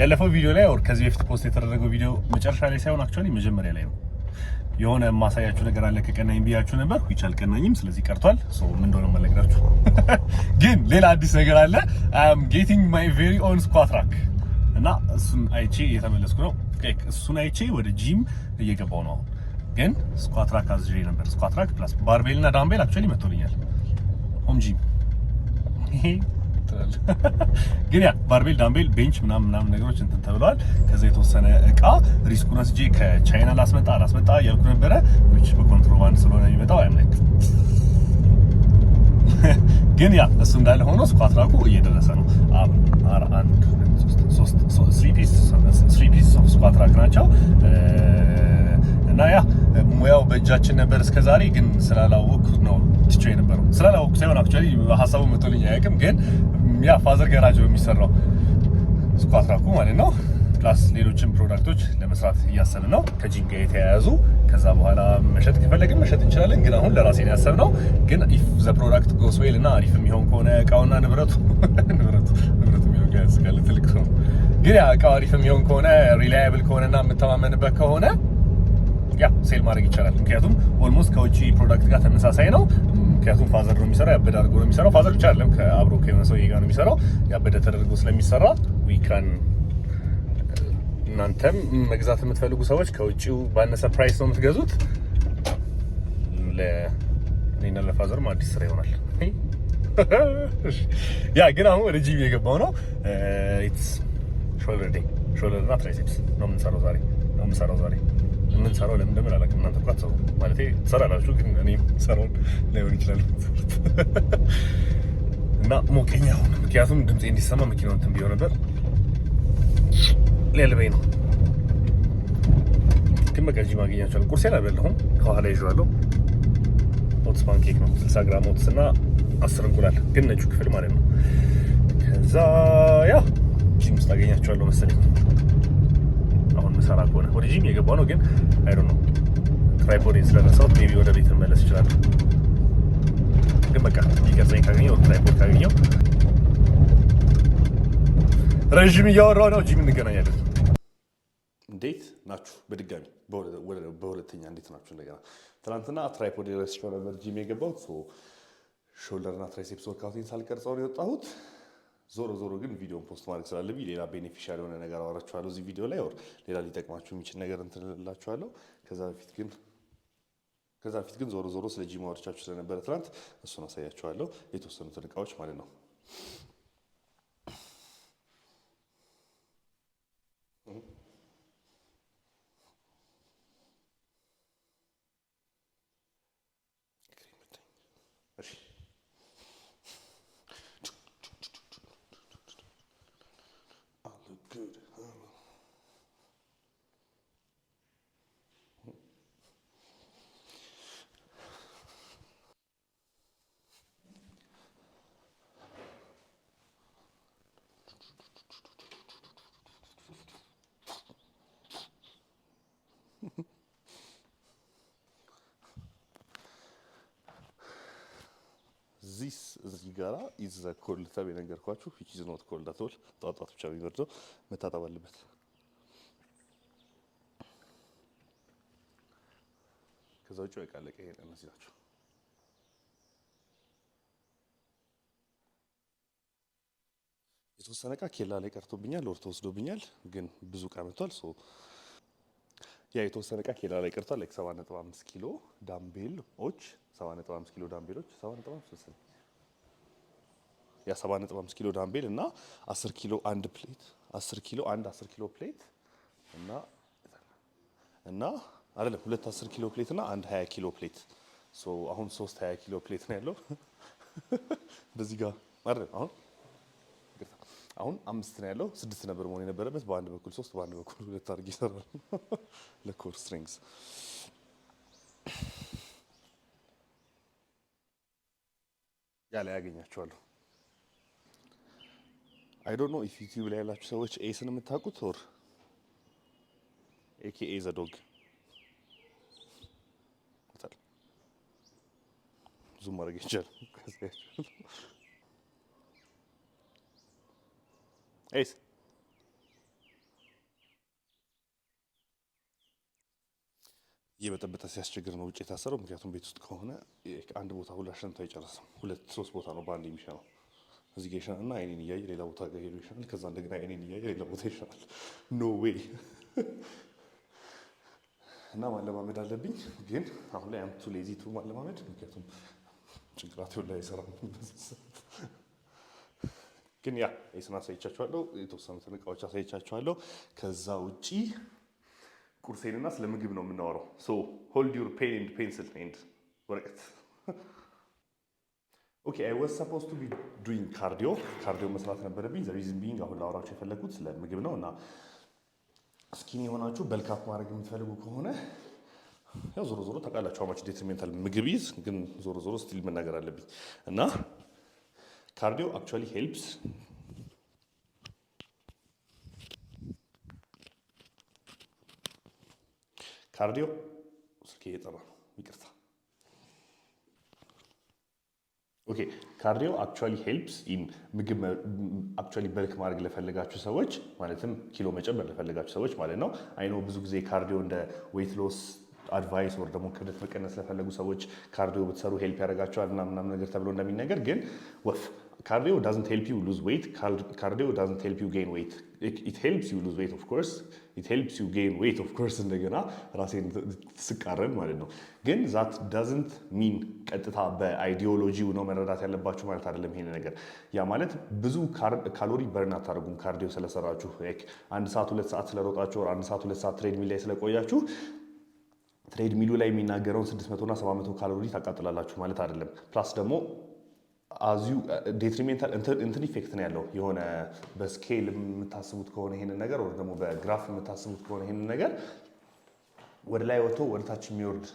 ያለፈው ቪዲዮ ላይ ወር ከዚህ በፊት ፖስት የተደረገው ቪዲዮ መጨረሻ ላይ ሳይሆን አክቹአሊ መጀመሪያ ላይ ነው የሆነ የማሳያችሁ ነገር አለ ከቀናኝ ብያችሁ ነበር። ዊች አልቀናኝም፣ ስለዚህ ቀርቷል። ሶ ምን እንደሆነ መለግራችሁ ግን ሌላ አዲስ ነገር አለ። አም ጌቲንግ ማይ ቬሪ ኦን ስኳትራክ እና እሱን አይቼ እየተመለስኩ ነው። እሱን አይቼ ወደ ጂም እየገባው ነው። አሁን ግን ስኳትራክ አዝዤ ነበር። ስኳትራክ ፕላስ ባርቤል እና ዳምቤል አክቹዋሊ መጥቶልኛል ሆም ጂም ትላል። ግን ያ ባርቤል፣ ዳምቤል፣ ቤንች ምናምን ምናምን ነገሮች እንትን ተብለዋል። ከዛ የተወሰነ እቃ ሪስኩን ወስጄ ከቻይና ላስመጣ አላስመጣ እያልኩ ነበረ። ች በኮንትሮባንድ ስለሆነ የሚመጣው አይምለክ ግን ያ እሱ እንዳለ ሆኖ ስኳት ራኩ እየደረሰ ነው። አር አንድ ስሪ ፒስ ስኳት ራክ ናቸው እና ያ ሙያው በእጃችን ነበር እስከዛሬ ግን ስላላወኩ ነው ትቼው የነበረው ስላላወኩ ሳይሆን አክቹዋሊ ሀሳቡ መቶልኝ አያውቅም። ግን ያ ፋዘር ገራጅ የሚሰራው ስኳትራኩ ማለት ነው። ፕላስ ሌሎችን ፕሮዳክቶች ለመስራት እያሰብን ነው ከጂን ጋር የተያያዙ። ከዛ በኋላ መሸጥ ከፈለግን መሸጥ እንችላለን፣ ግን አሁን ለራሴ ነው ግን ኢፍ ዘ ፕሮዳክት ጎስ ዌል እና አሪፍ የሚሆን ከሆነ እቃውና ንብረቱ ንብረቱ ንብረቱ የሚሆን ጋር ያስጋለ ትልቅ ሰው ግን ያ እቃው አሪፍ የሚሆን ከሆነ ሪላያብል ከሆነና የምተማመንበት ከሆነ ያ ሴል ማድረግ ይቻላል። ምክንያቱም ኦልሞስት ከውጭ ፕሮዳክት ጋር ተመሳሳይ ነው። ምክንያቱም ፋዘር ነው የሚሰራው፣ ያበደ አድርጎ ነው የሚሰራው። ፋዘር ብቻ አይደለም ከአብሮ ከሆነ ሰውዬ ጋር ነው የሚሰራው፣ ያበደ ተደርጎ ስለሚሰራ ዊካን እናንተም መግዛት የምትፈልጉ ሰዎች ከውጭው ባነሰ ፕራይስ ነው የምትገዙት። ለእኔና ለፋዘርም አዲስ ስራ ይሆናል። ያ ግን አሁን ወደ ጂቢ የገባው ነው። ኢትስ ሾልደር ዴይ ሾልደር እና ትራይሴፕስ ነው የምንሰራው ዛሬ ነው የምንሰራው ዛሬ የምንሰራው ለምን እንደምን አላውቅም። እናንተ እኮ አትሰሩም ማለቴ ትሰራላችሁ፣ ግን እኔ ሰራውን ላይሆን ይችላል እና ሞቀኛ ሆነ። ምክንያቱም ድምፄ እንዲሰማ መኪናውን እንትን ቢሆን ነበር ሊያልበኝ ነው። ግን በቃ እዚህ ማገኛቸዋለሁ። ቁርሴን አልበላሁም፣ ከኋላ ይዤዋለሁ። ኦትስ ፓንኬክ ነው 60 ግራም ኦትስ እና አስር እንቁላል ግን ነጩ ክፍል ማለት ነው። ከዛ ያ እዚህ ውስጥ አገኛቸዋለሁ መሰለኝ። ሰራ ከሆነ ወደ ጂም የገባ ነው ግን አይዶ ነው ትራይፖድ ስለነሳሁት ቤቢ ወደ ቤት መለስ ይችላል። ግን በቃ የሚቀርጸኝ ካገኘው ትራይፖድ ካገኘው ረዥም እያወራሁ ነው። ጂም እንገናኛለን። እንዴት ናችሁ? በድጋሚ በሁለተኛ እንዴት ናችሁ? እንደገና ትናንትና ትራይፖድ ረስቼው ነበር ጂም የገባሁት ሾልደርና ትራይሴፕስ ወርካውቴን ሳልቀርጸውን የወጣሁት። ዞሮ ዞሮ ግን ቪዲዮን ፖስት ማድረግ ስላለብኝ ሌላ ቤኔፊሻል የሆነ ነገር አወራችኋለሁ እዚህ ቪዲዮ ላይ ወር ሌላ ሊጠቅማችሁ የሚችል ነገር እንትንላችኋለሁ። ከዛ በፊት ግን ከዛ በፊት ግን ዞሮ ዞሮ ስለ ጂም ስለነበረ ትናንት እሱን አሳያችኋለሁ የተወሰኑትን እቃዎች ማለት ነው። ዚስ እዚህ ጋራ ኢዝ ኮልታብ የነገርኳችሁ ኖት ኮልድ ጧጧት ብቻ የሚበርደው መታጠብ አለበት። ከዛ ውጭ ያቃለቀ ይሄ የተወሰነ እቃ ኬላ ላይ ቀርቶብኛል፣ ወር ተወስዶብኛል። ግን ብዙ እቃ መጥቷል። ሶ ያ የተወሰነ እቃ ኬላ ላይ ቀርቷል። ላይክ 7.5 ኪሎ ዳምቤሎች 7.5 ኪሎ ዳምቤሎች 7.5 የ7.5 ኪሎ ዳምቤል እና 10 ኪሎ አንድ ፕሌት 10 ኪሎ አንድ 10 ኪሎ ፕሌት እና እና አይደለም ሁለት 10 ኪሎ ፕሌት እና አንድ 20 ኪሎ ፕሌት ሶ አሁን 3 20 ኪሎ ፕሌት ነው ያለው። በዚህ ጋር አይደለም አሁን አሁን አምስት ነው ያለው። ስድስት ነበር መሆን የነበረበት በአንድ በኩል ሶስት በአንድ በኩል ሁለት አድርጌ ይሰራል ለኮር ስትሪንግስ ያለ ያገኛቸዋለሁ አይ ዶንት ኖ ኢፍ ዩቲዩብ ላይ ያላችሁ ሰዎች ኤስን የምታውቁት ኦር ኤኬኤ ዶግ ዙም ማድረግ ይቻላል። ኤስ የበጠበጠ ሲያስቸግር ነው ውጭ የታሰረው። ምክንያቱም ቤት ውስጥ ከሆነ አንድ ቦታ ሁላ ሸንቶ አይጨርስም። ሁለት ሶስት ቦታ ነው በአንድ የሚሸነው። እዚህ ጋ ይሻላል እና አይኔን እያየ ሌላ ቦታ ጋር ሄዶ ይሻላል። ከዛ እንደገና አይኔን እያየ ሌላ ቦታ ይሻላል። ኖ ዌይ እና ማለማመድ አለብኝ፣ ግን አሁን ላይ አምቱ ሌዚ ቱ ማለማመድ፣ ምክንያቱም ጭንቅላቴ ላይ አይሰራም። ግን ያ የስና አሳይቻችኋለሁ፣ የተወሰኑትን እቃዎች አሳይቻችኋለሁ። ከዛ ውጪ ቁርሴንና ስለ ምግብ ነው የምናወራው። ሆልድ ዩር ፔን ኤንድ ፔንስል ኤንድ ወረቀት ኦኬ አይ ዋዝ ሰፖዝ ቱ ቢ ዱዊንግ ካርዲዮ ካርዲዮ መስራት ነበረብኝ። ዘ ሪዝን ቢይንግ አሁን ላወራችሁ የፈለግኩት ስለ ምግብ ነው እና ስኪኒ የሆናችሁ በልካፕ ማድረግ የምትፈልጉ ከሆነ ያው ዞሮ ዞሮ ታውቃላችሁ አማች ዴትሪሜንታል ምግብ ይዝ ግን ዞሮ ዞሮ ስቲል መናገር አለብኝ እና ካርዲዮ አክቹዋሊ ሄልፕስ ካርዲዮ ስልኬ እየጠራ ነው፣ ይቅርታ ኦኬ ካርዲዮ አክቹዋሊ ሄልፕስ ኢን ምግብ አክቹዋሊ በልክ ማድረግ ለፈለጋችሁ ሰዎች ማለትም ኪሎ መጨመር ለፈለጋችሁ ሰዎች ማለት ነው። አይኖ ብዙ ጊዜ ካርዲዮ እንደ ዌይት ሎስ አድቫይስ ወር ደግሞ ክብደት መቀነስ ለፈለጉ ሰዎች ካርዲዮ ብትሰሩ ሄልፕ ያደርጋቸዋል ምናምን ነገር ተብሎ እንደሚነገር ግን ወፍ cardio doesn't help you lose weight. Cardio doesn't help you gain weight. It helps you lose weight of course. It helps you gain weight of course እንደገና ራሴን ስቃረን ማለት ነው። ግን ዛት ዳዝንት ሚን ቀጥታ በአይዲዮሎጂው ነው መረዳት ያለባችሁ ማለት አይደለም ይሄን ነገር። ያ ማለት ብዙ ካሎሪ በርን አታደርጉም ካርዲዮ ስለሰራችሁ አንድ ሰዓት ሁለት ሰዓት ስለሮጣችሁ አንድ ሰዓት ሁለት ሰዓት ትሬድሚል ላይ ስለቆያችሁ ትሬድ ላይ የሚናገረውን 600 እና 700 ካሎሪ ታቃጥላላችሁ ማለት አይደለም። ፕላስ ደግሞ አዚዩ ዴትሪሜንታል እንትን ኢፌክት ነው ያለው። የሆነ በስኬል የምታስቡት ከሆነ ይሄንን ነገር ወይ ደግሞ በግራፍ የምታስቡት ከሆነ ይሄንን ነገር ወደ ላይ ወጥቶ ወደ ታች የሚወርድ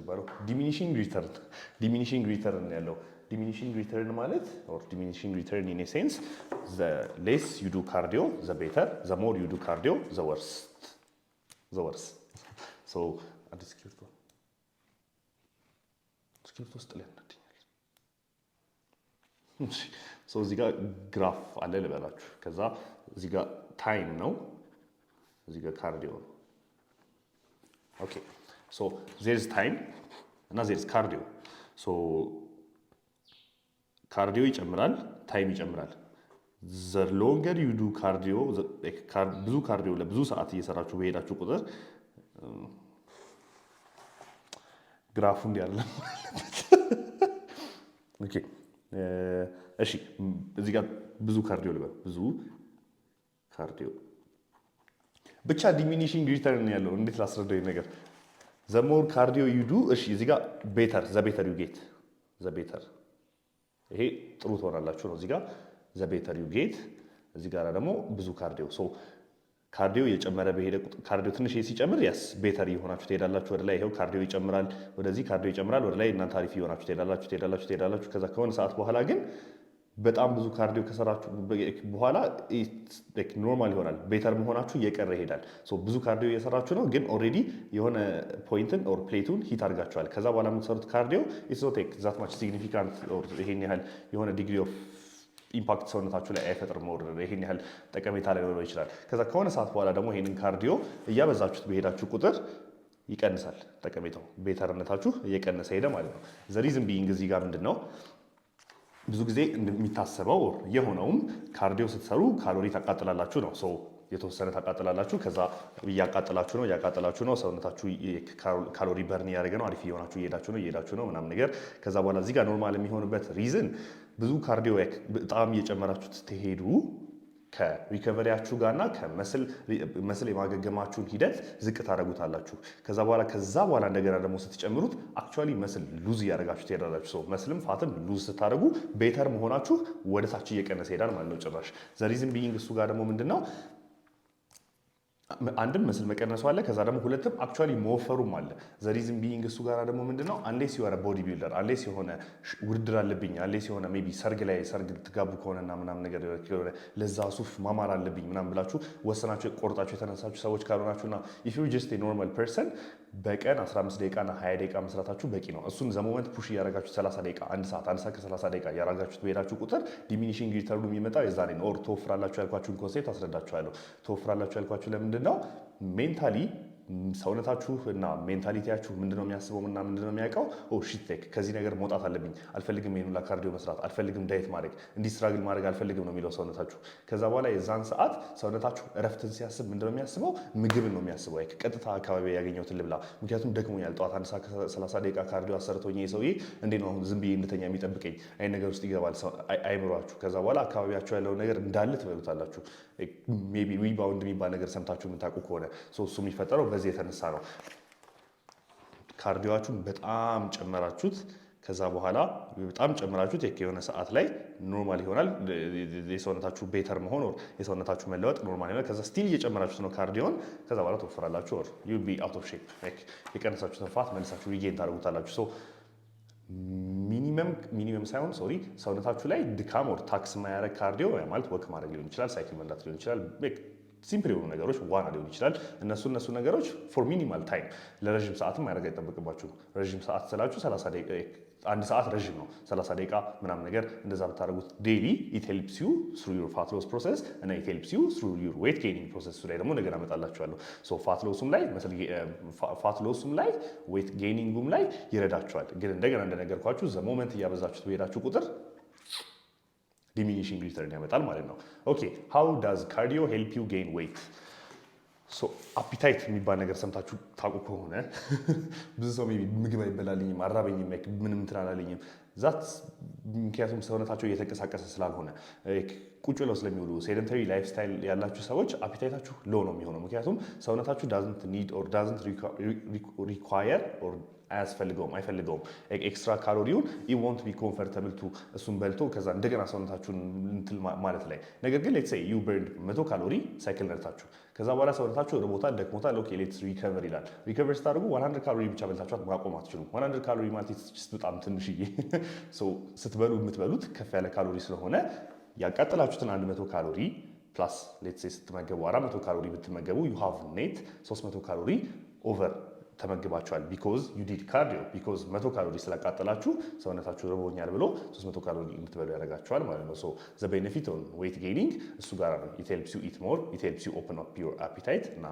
ይባለው ዲሚኒሽንግ ሪተርን ዲሚኒሽንግ ሪተርን ያለው ዲሚኒሽንግ ሪተርን ማለት ኦር ዲሚኒሽንግ ሪተርን ኢን ሴንስ ዘ ሌስ ዩ ዱ ካርዲዮ ዘ ቤተር ዘ ሞር ዩ ዱ ካርዲዮ ዘ ወርስ ዘ ወርስ ሶ አዲስ ስክሪፕቶ ስክሪፕቶ ውስጥ ላይ ሰው ግራፍ አለ ልበላችሁ። ከዛ እዚህ ጋር ታይም ነው፣ እዚህ ካርዲዮ ነው። ኦኬ ሶ ዜርዝ ታይም እና ዜርዝ ካርዲዮ። ሶ ካርዲዮ ይጨምራል፣ ታይም ይጨምራል። ዘ ሎንገር ዩ ዱ ካርዲዮ፣ ብዙ ካርዲዮ ለብዙ ሰዓት እየሰራችሁ በሄዳችሁ ቁጥር ግራፉ um, እንዲያለ ማለት እሺ እዚህ ጋር ብዙ ካርዲዮ ልበል። ብዙ ካርዲዮ ብቻ ዲሚኒሽንግ ሪተርን ያለው እንዴት ላስረዳኝ ነገር ዘሞር ካርዲዮ ዩዱ እሺ፣ እዚህ ጋር ቤተር ዘቤተር ዩጌት ዘቤተር ይሄ ጥሩ ትሆናላችሁ ነው። እዚህ ጋር ዘቤተር ዩጌት እዚህ ጋር ደግሞ ብዙ ካርዲዮ ካርዲዮ እየጨመረ በሄደ ካርዲዮ ትንሽ ሲጨምር ያስ ቤተር የሆናችሁ ትሄዳላችሁ ወደ ላይ። ይኸው ካርዲዮ ይጨምራል፣ ወደዚህ ካርዲዮ ይጨምራል ወደ ላይ። እናንተ አሪፍ የሆናችሁ ትሄዳላችሁ ትሄዳላችሁ ትሄዳላችሁ። ከዛ ከሆነ ሰዓት በኋላ ግን በጣም ብዙ ካርዲዮ ከሰራችሁ በኋላ ኖርማል ይሆናል። ቤተር መሆናችሁ እየቀረ ይሄዳል። ብዙ ካርዲዮ እየሰራችሁ ነው፣ ግን ኦልሬዲ የሆነ ፖይንትን ኦር ፕሌቱን ሂት አድርጋችኋል። ከዛ በኋላ የምትሰሩት ካርዲዮ ኢትስ ኖት ዛት ማች ሲግኒፊካንት ይሄን ያህል የሆነ ዲግሪ ኦፍ ኢምፓክት ሰውነታችሁ ላይ አይፈጥርም። መውረድ ይህን ያህል ጠቀሜታ ሊኖረው ይችላል። ከዛ ከሆነ ሰዓት በኋላ ደግሞ ይህንን ካርዲዮ እያበዛችሁት በሄዳችሁ ቁጥር ይቀንሳል ጠቀሜታው፣ ቤተርነታችሁ እየቀነሰ ሄደ ማለት ነው። ዘሪዝም ቢንግ እዚህ ጋር ምንድን ነው ብዙ ጊዜ የሚታሰበው የሆነውም ካርዲዮ ስትሰሩ ካሎሪ ታቃጥላላችሁ ነው። የተወሰነ ታቃጥላላችሁ። ከዛ እያቃጥላችሁ ነው እያቃጥላችሁ ነው ሰውነታችሁ ካሎሪ በርን እያደረገ ነው። አሪፍ እየሆናችሁ እየሄዳችሁ ነው እየሄዳችሁ ነው ምናምን ነገር ከዛ በኋላ እዚህ ጋር ኖርማል የሚሆንበት ሪዝን ብዙ ካርዲዮ በጣም እየጨመራችሁ ስትሄዱ ከሪከቨሪያችሁ ጋርና ከመስል የማገገማችሁን ሂደት ዝቅ ታደረጉታላችሁ። ከዛ በኋላ ከዛ በኋላ እንደገና ደግሞ ስትጨምሩት አክቹዋሊ መስል ሉዝ እያደረጋችሁ ትሄዳላችሁ። ሰው መስልም ፋትም ሉዝ ስታደረጉ ቤተር መሆናችሁ ወደ ታች እየቀነሰ ሄዳል ማለት ነው። ጭራሽ ዘሪዝም ቢይንግ እሱ ጋር ደግሞ ምንድን ነው አንድም ምስል መቀነሱ አለ። ከዛ ደግሞ ሁለትም አክቹዋሊ መወፈሩም አለ። ዘሪዝም ቢይንግ እሱ ጋር ደግሞ ምንድነው አንሌስ የሆነ ቦዲ ቢልደር አንሌስ የሆነ ውድድር አለብኝ አንሌስ የሆነ ሜይ ቢ ሰርግ ላይ ሰርግ ልትጋቡ ከሆነና ምናምን ነገር ከሆነ ለዛ ሱፍ ማማር አለብኝ ምናምን ብላችሁ ወሰናችሁ ቆርጣችሁ የተነሳችሁ ሰዎች ካልሆናችሁና ኢፍ ዩ ጀስት ኖርማል ፐርሰን በቀን 15 ደቂቃና 20 ደቂቃ መስራታችሁ በቂ ነው። እሱን ዘሞመንት ፑሽ እያደረጋችሁ 30 ደቂቃ አንድ ሰዓት አንድ ሰዓት ከ30 ደቂቃ እያደረጋችሁት በሄዳችሁ ቁጥር ዲሚኒሽንግ ሪተርኑ የሚመጣው የዛኔ ነው። ኦር ትወፍራላችሁ ያልኳችሁን ኮንሴፕት አስረዳችኋለሁ። ትወፍራላችሁ ያልኳችሁ ለምንድን ነው ሜንታሊ ሰውነታችሁ እና ሜንታሊቲያችሁ ምንድነው የሚያስበው እና ምንድነው የሚያውቀው? ሽቴክ ከዚህ ነገር መውጣት አለብኝ፣ አልፈልግም፣ ይሄን ሁላ ካርዲዮ መስራት አልፈልግም፣ ዳየት ማድረግ እንዲስትራግል ማድረግ አልፈልግም ነው የሚለው ሰውነታችሁ። ከዛ በኋላ የዛን ሰዓት ሰውነታችሁ እረፍትን ሲያስብ ምንድነው የሚያስበው? ምግብን ነው የሚያስበው። ቀጥታ አካባቢ ያገኘሁትን ልብላ፣ ምክንያቱም ደክሞኛል። ጠዋት አንድ ሰዓት ከሰላሳ ደቂቃ ካርዲዮ አሰርቶኝ ሰውዬ እንዴ ነው አሁን ዝም ብዬ እንድተኛ የሚጠብቀኝ? አይ ነገር ውስጥ ይገባል አይምሯችሁ። ከዛ በኋላ አካባቢያችሁ ያለውን ነገር እንዳለ ትበሉታላችሁ። ሜይ ቢ ሪባውንድ የሚባል ነገር ሰምታችሁ የምታውቁ ከሆነ እሱ የሚፈጠረው በዚህ የተነሳ ነው። ካርዲዮአችሁን በጣም ጨመራችሁት። ከዛ በኋላ በጣም ጨምራችሁት የሆነ ሰዓት ላይ ኖርማል ይሆናል። የሰውነታችሁ ቤተር መሆን ወር የሰውነታችሁ መለወጥ ኖርማል ይሆናል። ከዛ ስቲል እየጨመራችሁት ነው ካርዲዮን። ከዛ በኋላ ትወፍራላችሁ ወር ዩ ቢ አውት ኦፍ ሼፕ ላይክ ፋት መልሳችሁ ሪጌን ታደርጉታላችሁ። ሶ ሚኒመም ሳይሆን ሶሪ ሰውነታችሁ ላይ ድካም ወር ታክስ ማያረግ ካርዲዮ ማለት ወክ ማድረግ ሊሆን ይችላል፣ ሳይክል መንዳት ሊሆን ይችላል ሲምፕል የሆኑ ነገሮች ዋና ሊሆን ይችላል። እነሱ እነሱ ነገሮች ፎር ሚኒማል ታይም ለረዥም ሰዓት ማድረግ አይጠበቅባችሁ። ረዥም ሰዓት ስላችሁ አንድ ሰዓት ረዥም ነው። ሰላሳ ደቂቃ ምናምን ነገር እንደዛ ብታደርጉት ዴይሊ ኢት ሄልፕስ ዩ ስሩ ዩር ፋት ሎስ ፕሮሰስ እና ኢት ሄልፕስ ዩ ስሩ ዩር ዌት ጌኒንግ ፕሮሰስ ላይ ደግሞ ነገር አመጣላችኋለሁ። ፋት ላይ ፋት ላይ ዌት ጌኒንጉም ላይ ይረዳችኋል። ግን እንደገና እንደነገርኳችሁ ዘ ሞመንት እያበዛችሁ ትሄዳችሁ ቁጥር ዲሚኒሽንግ ሪተርን ያመጣል ማለት ነው። ኦኬ ሃው ዳዝ ካርዲዮ ሄልፕ ዩ ጌን ዌይት? ሶ አፒታይት የሚባል ነገር ሰምታችሁ ታውቁ ከሆነ ብዙ ሰው ምግብ አይበላልኝም፣ አራበኝም፣ ምንም እንትን አላለኝም ዛት ምክንያቱም ሰውነታቸው እየተንቀሳቀሰ ስላልሆነ ቁጭ ብለው ስለሚውሉ ሴደንተሪ ላይፍ ስታይል ያላችሁ ሰዎች አፒታይታችሁ ሎ ነው የሚሆነው። ምክንያቱም ሰውነታችሁ ዳዝንት ኒድ ኦር ዳዝንት ሪኳየር አያስፈልገውም አይፈልገውም ኤክስትራ ካሎሪውን ኢ ወንት ቢ ኮንፈርተብል ቱ እሱን በልቶ ከዛ እንደገና ሰውነታችሁን እንትን ማለት ላይ ነገር ግን ሌትስ ሴይ ዩ በርንድ መቶ ካሎሪ ሳይክል ነርታችሁ ከዛ በኋላ ሰውነታችሁ ርቦታል ደክሞታል ኦኬ ሌትስ ሪከቨር ይላል ሪከቨር ስታደርጉ 100 ካሎሪ ብቻ በልታችኋት ማቆም አትችሉም 100 ካሎሪ ማለት በጣም ትንሽዬ ስትበሉ የምትበሉት ከፍ ያለ ካሎሪ ስለሆነ ያቃጠላችሁትን 100 ካሎሪ ፕላስ ሌትስ ሴይ ስትመገቡ 400 ካሎሪ ብትመገቡ ዩ ሃቭ ኔት 300 ካሎሪ ኦቨር ተመግባችኋል ቢኮዝ ዩ ዲድ ካርዲዮ ቢኮዝ መቶ ካሎሪ ስላቃጠላችሁ ሰውነታችሁ ርቦኛል ብሎ 300 ካሎሪ የምትበሉ ያደርጋችኋል ማለት ነው። ዘ ቤኔፊት ኦን ዌይት ጌኒንግ እሱ ጋር ነው። ኢት ሄልፕስ ዩ ኢት ሞር ኢት ሄልፕስ ዩ ኦፕን አፕ ዩር አፒታይት እና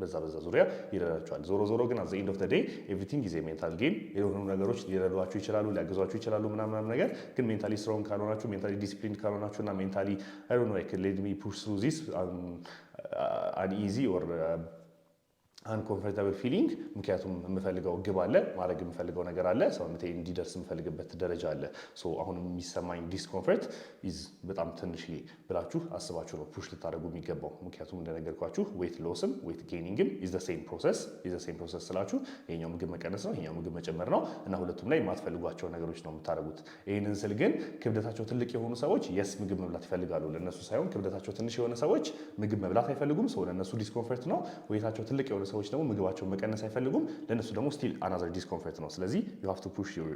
በዛ በዛ ዙሪያ ይረዳችኋል። ዞሮ ዞሮ ግን አዘ ኢንድ ኦፍ ዴይ ኤቭሪቲንግ ጊዜ ሜንታል ጌም የሆኑ ነገሮች ሊረዷችሁ ይችላሉ፣ ሊያግዟችሁ ይችላሉ ምናምናም ነገር ግን ሜንታሊ ስትሮንግ ካልሆናችሁ፣ ሜንታሊ ዲስፕሊን ካልሆናችሁ እና ሜንታሊ ሌድሚ ፑሽ ሩ ዚስ አንኢዚ ኦር አንኮንፈርታብል ፊሊንግ ምክንያቱም የምፈልገው ግብ አለ፣ ማድረግ የምፈልገው ነገር አለ፣ ሰውነቴ እንዲደርስ የምፈልግበት ደረጃ አለ። አሁን የሚሰማኝ ዲስኮንፈርት ኢዝ በጣም ትንሽ ብላችሁ አስባችሁ ነው ፑሽ ልታደርጉ የሚገባው። ምክንያቱም እንደነገርኳችሁ ዌት ሎስም ዌት ጌኒንግም ኢዝ ሴም ፕሮሰስ ኢዝ ሴም ፕሮሰስ ስላችሁ የኛው ምግብ መቀነስ ነው፣ የኛው ምግብ መጨመር ነው እና ሁለቱም ላይ የማትፈልጓቸው ነገሮች ነው የምታደርጉት። ይህንን ስል ግን ክብደታቸው ትልቅ የሆኑ ሰዎች የስ ምግብ መብላት ይፈልጋሉ፣ ለእነሱ ሳይሆን ክብደታቸው ትንሽ የሆነ ሰዎች ምግብ መብላት አይፈልጉም። ሰው ለእነሱ ዲስኮንፈርት ነው። ዌታቸው ትልቅ የሆነ ሰዎች ደግሞ ምግባቸውን መቀነስ አይፈልጉም። ለእነሱ ደግሞ ስቲል አናዘር ዲስኮንፈርት ነው። ስለዚህ ዩ ሃቭ ቱ ፑሽ ዩር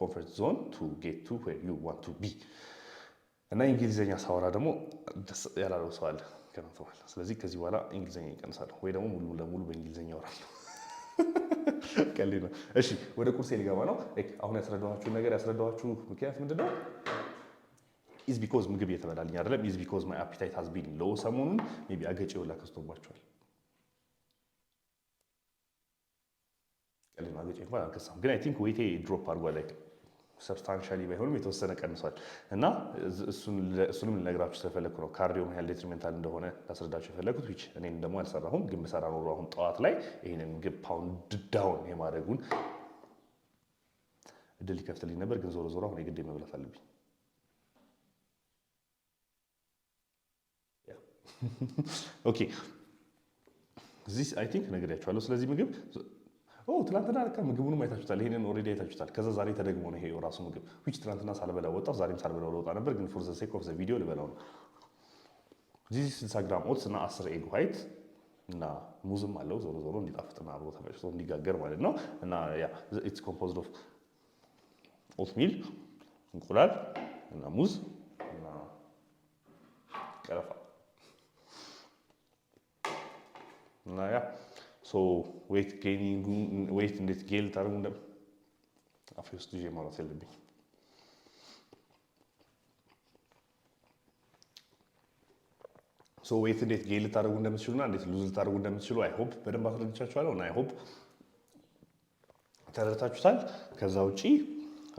ኮንፈርት ዞን ቱ ጌት ቱ ዌር ዩ ዋንት ቱ ቢ እና እንግሊዝኛ ሳወራ ደግሞ ደስ ያላለው ሰዋል አለ ከናተዋል። ስለዚህ ከዚህ በኋላ እንግሊዝኛ ይቀንሳለሁ ወይ ደግሞ ሙሉ ለሙሉ በእንግሊዝኛ አወራለሁ። ቀል ነው። እሺ ወደ ቁርሴ ሊገባ ነው። አሁን ያስረዳኋችሁን ነገር ያስረዳኋችሁ ምክንያት ምንድን ነው? ኢዝ ቢኮዝ ምግብ እየተበላልኝ አይደለም። ኢዝ ቢኮዝ ማይ አፒታይት ሀዝ ቢን ሎው ሰሞኑን ሜይ ቢ አገጭ ሁላ ከስቶባቸዋል። ልናገጭ እንኳን አልከሳም፣ ግን አይ ቲንክ ዌቴ ድሮፕ አድርጓል ላይክ ሰብስታንሻሊ ባይሆንም የተወሰነ ቀንሷል እና እሱንም ልነግራችሁ ስለፈለግኩ ነው። ካርዲዮ ምን ያህል ዴትሪሜንታል እንደሆነ ላስረዳችሁ የፈለግኩት ዊች እኔም ደግሞ አልሰራሁም፣ ግን ብሰራ ኖሮ አሁን ጠዋት ላይ ይህንን ግብ ፓውንድ ዳውን የማድረጉን እድል ሊከፍትልኝ ነበር። ግን ዞሮ ዞሮ አሁን የግድ መብላት አለብኝ። ኦኬ እዚህ አይ ቲንክ ነግሬያችኋለሁ ስለዚህ ምግብ ትላንትና ለካ ምግቡንም አይታችሁታል። ይሄንን ኦልሬዲ አይታችሁታል። ከዛ ዛሬ ተደግሞ ነው ይሄ ራሱ ምግብ ዊች ትላንትና ሳልበላ ወጣሁ፣ ዛሬም ሳልበላ ወጣ ነበር፣ ግን ፎር ዘ ሴክ ኦፍ ዘ ቪዲዮ ልበላው ነው። ዚህ 60 ግራም ኦትስ እና 10 ኤግ ዋይት እና ሙዝም አለው። ዞሮ ዞሮ እንዲጣፍጥና አብሮ ተፈጭቶ እንዲጋገር ማለት ነው። እና ያ ኢትስ ኮምፖዝድ ኦፍ ኦት ሚል እንቁላል እና ሙዝ እና ቀረፋ እና ያ ዌት ጌኒንጉን ዌይት እንዴት ጌል ታደርጉ እንደ አፌ ውስጥ ይዤ ማውራት ያለብኝ ሶ ዌይት እንዴት ጌል ልታደርጉ እንደምትችሉና እንዴት ሉዝ ልታደርጉ እንደምትችሉ አይ ሆፕ በደንብ አስረድቻችኋለሁ እና አይ ሆፕ ተረድታችሁታል። ከዛ ውጪ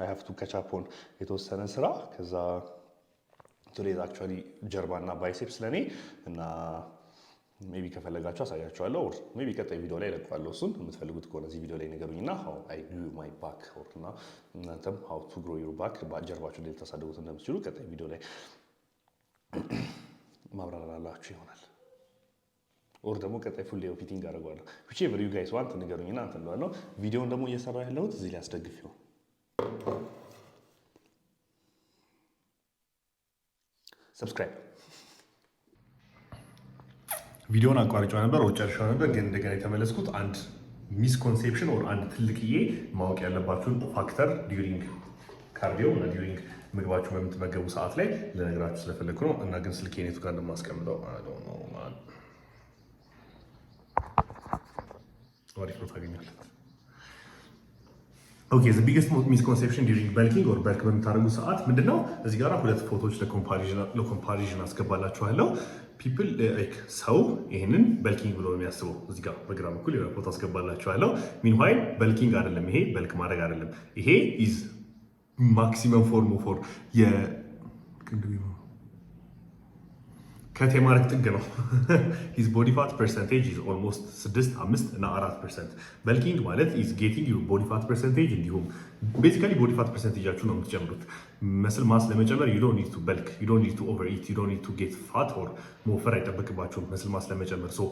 አይ ሀፍቱ ከቻፖን የተወሰነ ስራ ከዛ ቱዴዝ አክቹዋሊ ጀርባና ባይሴፕስ ለእኔ እና ሜቢ ከፈለጋችሁ አሳያችኋለሁ። ኦር ሜቢ ቀጣይ ቪዲዮ ላይ ለቀዋለሁ። እሱን የምትፈልጉት ከሆነ እዚህ ቪዲዮ ላይ ነገሩኝና ሀው አይ ዱ ማይ ባክ ኦር እና እናንተም ሀው ቱ ግሮ ዩር ባክ ጀርባችሁ ላይ ልታሳደጉት እንደምትችሉ ቀጣይ ቪዲዮ ላይ ማብራራላችሁ ይሆናል። ኦር ደግሞ ቀጣይ ፉል ዴይ ፊቲንግ አደርገዋለሁ። ዊች ኤቨር ዩ ጋይስ ዋንት ንገሩኝና አንተ እንደዋለሁ። ቪዲዮውን ደግሞ እየሰራ ያለሁት እዚህ ሊያስደግፍ ይሆን ሰብስክራይብ ቪዲዮን አቋርጫ ነበር፣ ወጨርሻው ነበር። ግን እንደገና የተመለስኩት አንድ ሚስኮንሴፕሽን ኦር አንድ ትልቅዬ ማወቅ ያለባችሁን ፋክተር ዲሪንግ ካርዲዮ እና ዲሪንግ ምግባችሁ በምትመገቡ ሰዓት ላይ ለነገራችሁ ስለፈለግኩ ነው። እና ግን ስልክ የኔቱ ጋር እንደማስቀምጠው አሪፍ ነው ታገኛለህ። ኦኬ ዘ ቢገስት ሚስኮንሴፕሽን ዲሪንግ በልኪንግ ኦር በልክ በምታደርጉ ሰዓት ምንድነው? እዚህ ጋር ሁለት ፎቶዎች ለኮምፓሪዥን አስገባላችኋለሁ። ፒፕል ላይክ eh, ሰው ይሄንን በልኪንግ ብሎ የሚያስበው እዚህ ጋር በግራ በኩል የሆነ ፎቶ አስገባላችኋለሁ። ሚንዋይል በልኪንግ አይደለም ይሄ በልክ ማድረግ አይደለም። ይሄ ኢዝ ማክሲመም ፎርሙ ፎር ከቴማሪክ ጥግ ነው። ሂዝ ቦዲ ፋት ፐርሰንቴጅ ኢዝ ኦልሞስት ስድስት አምስት እና አራት ፐርሰንት። በልኪንግ ማለት ኢዝ ጌቲንግ ቦዲ ፋት ፐርሰንቴጅ እንዲሁም ቤዚካሊ ቦዲ ፋት ፐርሰንቴጃችሁ ነው የምትጨምሩት መስል ማስ ለመጨመር ዩ ዶንት ኒድ ቱ በልክ ዩ ዶንት ኒድ ቱ ኦቨር ኢት ዩ ዶንት ኒድ ቱ ጌት ፋት ኦር መወፈር አይጠበቅባቸውም። መስል ማስ ለመጨመር ሶ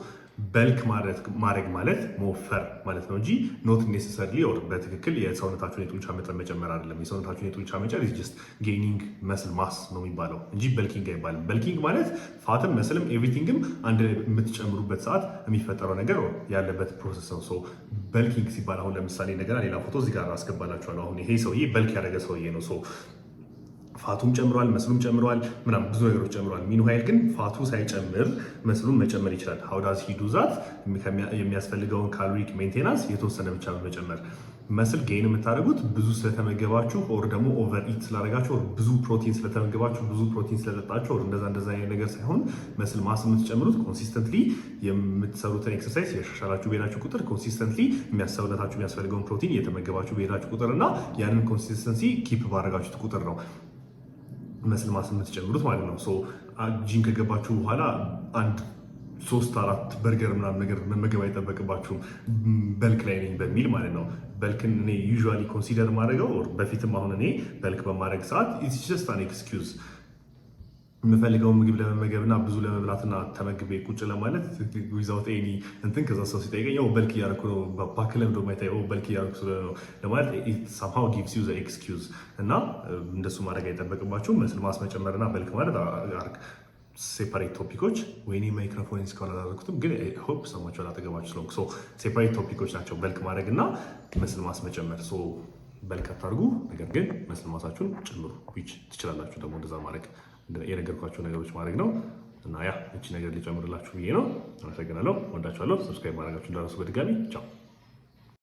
በልክ ማድረግ ማለት መወፈር ማለት ነው እንጂ ኖት ኔሰሰርሊ ኦር በትክክል የሰውነታችሁን የጡንቻ መጠን መጨመር አይደለም። የሰውነታችሁን የጡንቻ መጨመር ኢዝ ጀስት ጌይኒንግ መስል ማስ ነው የሚባለው እንጂ በልኪንግ አይባልም። በልኪንግ ማለት ፋትም መስልም ኤቭሪቲንግም አንድ ላይ የምትጨምሩበት ሰዓት የሚፈጠረው ነገር ያለበት ፕሮሰስ ነው። ሶ በልኪንግ ሲባል አሁን ለምሳሌ ነገር ሌላ ፎቶ እዚህ ጋር አስገባላችኋለሁ። አሁን ይሄ ሰውዬ በልክ ያደረገ ሰውዬ ነው። ፋቱም ጨምሯል፣ መስሉም ጨምሯል፣ ምናምን ብዙ ነገሮች ጨምሯል። ኃይል ግን ፋቱ ሳይጨምር መስሉን መጨመር ይችላል። ሀውዳዝ ሂዱ ዛት የሚያስፈልገውን ካሎሪክ ሜንቴናንስ የተወሰነ ብቻ በመጨመር መስል ጌን የምታደርጉት ብዙ ስለተመገባችሁ ኦር ደግሞ ኦቨር ኢት ስላደረጋችሁ ብዙ ፕሮቲን ስለተመገባችሁ ብዙ ፕሮቲን ስለጠጣችሁ እንደዛ እንደዛ አይነት ነገር ሳይሆን መስል ማስ የምትጨምሩት ኮንሲስተንትሊ የምትሰሩትን ኤክሰርሳይዝ የሻሻላችሁ ብሄዳችሁ ቁጥር ኮንሲስተንትሊ የሚያሰውነታችሁ የሚያስፈልገውን ፕሮቲን የተመገባችሁ ብሄዳችሁ ቁጥር እና ያንን ኮንሲስተንሲ ኪፕ ባደረጋችሁት ቁጥር ነው። መስል መስልማት የምትጨምሩት ማለት ነው። ጂም ከገባችሁ በኋላ አንድ ሶስት አራት በርገር ምናምን ነገር መመገብ አይጠበቅባችሁም። በልክ ላይ ነኝ በሚል ማለት ነው። በልክን እኔ ዩዥዋሊ ኮንሲደር ማድረገው በፊትም አሁን እኔ በልክ በማድረግ ሰዓት ኢትስ ጀስት አን ኤክስኪውዝ የምፈልገውን ምግብ ለመመገብ ለመመገብና ብዙ ለመብላትና ተመግቤ ቁጭ ለማለት ዊዛውት ኤኒ እንትን ከዛ ሰው ሲጠይቀኝ ያው በልክ እያደረኩ ነው በፓክለም ደሞ ይታይ በልክ እያደረኩ ስለሆነ ነው ለማለት ሳምሃው ጊቭስ ዩ ኤክስኪውዝ እና እንደሱ ማድረግ አይጠበቅባቸው መስል ማስ መጨመርና በልክ ማለት ሴፓሬት ቶፒኮች ወይኔ ማይክሮፎን እስካሁን አላደረኩትም፣ ግን ሆፕ ሰማቸው አላጠገባቸው ስለሆንኩ ሴፓሬት ቶፒኮች ናቸው በልክ ማድረግ እና መስል ማስ መጨመር በልክ አታርጉ፣ ነገር ግን መስል ማሳችሁን ጨምሩ። ዊች ትችላላችሁ ደግሞ እንደዛ ማድረግ የነገርኳቸው ነገሮች ማድረግ ነው እና ያ እቺ ነገር ሊጨምርላችሁ ብዬ ነው። አመሰግናለሁ። ወዳችኋለሁ። ሰብስክራይብ ማድረጋችሁ እንዳረሱ በድጋሚ ቻው።